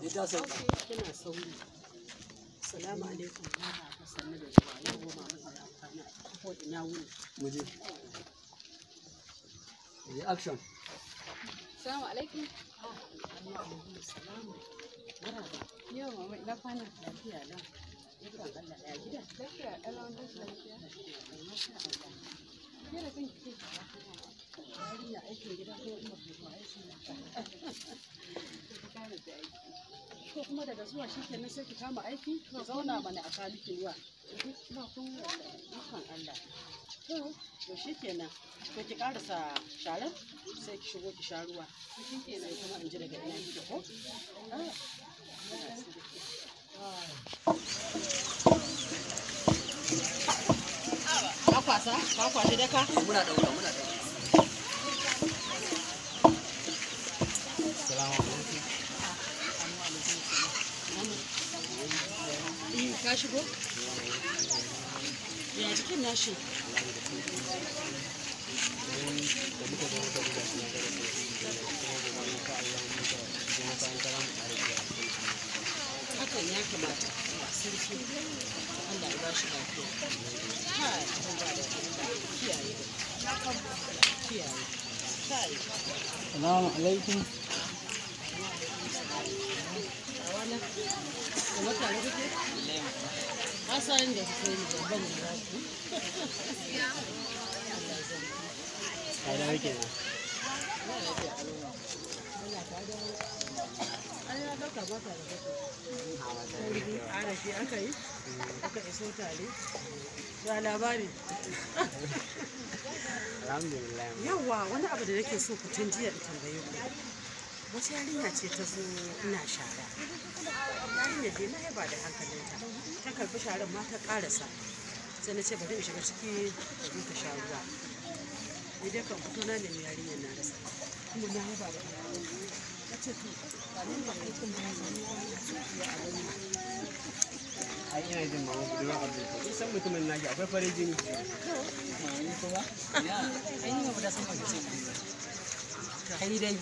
ita sai kina sauri assalamu alaikum baba ka sanna da zuwa yau goma mun da kana ko ina wuni muje muje action assalamu alaikum assalamu marhaba yau mama ina kwana lafiya na Ikon Allah ya gida. Lafiya ɗalon da lafiya. Masha Allah. Yau da kan kike ba. Yarinya aikin gida ko in ba ku shi na ke kuma daga zuwa shi kenan sai ki kama aiki ki zauna mana a kalikin ruwa ba kun dukkan Allah to shi kenan to ki karasa sharar sai ki shigo ki shi kenan kuma in ji daga ina ko ah, Ka kwasa, daka? Muna muna ka shigo ya nashi hakan ya kamata sarki Allah ya bashi lafiya ba kiyaye kiyaye assalamu alaikum Hasan da Hussein da ban da ku. Ai yake. wani abu da nake so ku tunjiya in tambaye ku. wasu yarinya ce ta zo ina shara yarinya dai na yaba da hankalinta ta karbi sharan ma ta karasa sai na ce bari in shiga ciki da zo ta sha ruwa kan fito na nemi yarinya na rasa kuma na yaba da hankalinta ta ce to ba ni ba kai kuma ya zo ai jin da abin ku san mutumin naki akwai farin jini ni ba da san ba ce kai dai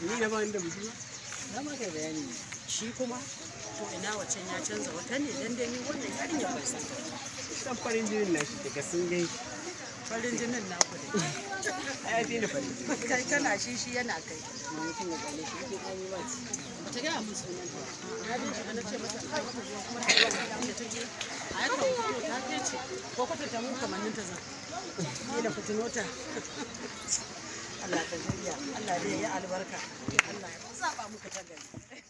ni na ba na maka bayani shi kuma to ina wacan ya canza wata ne dan dai ni wannan yarin ya fasa farin jinin nashi daga sun farin jinin na ku dai ai bi ni farin kai kana shi shi yana kai gane shi ai ba ta ga shi ana ce mata ku kuma ta ga da take a yaka ta ce ko mun kamannin ta zan ni da fitinota Allah ta shirya Allah zai yi albarka Allah ya saba muka ta gari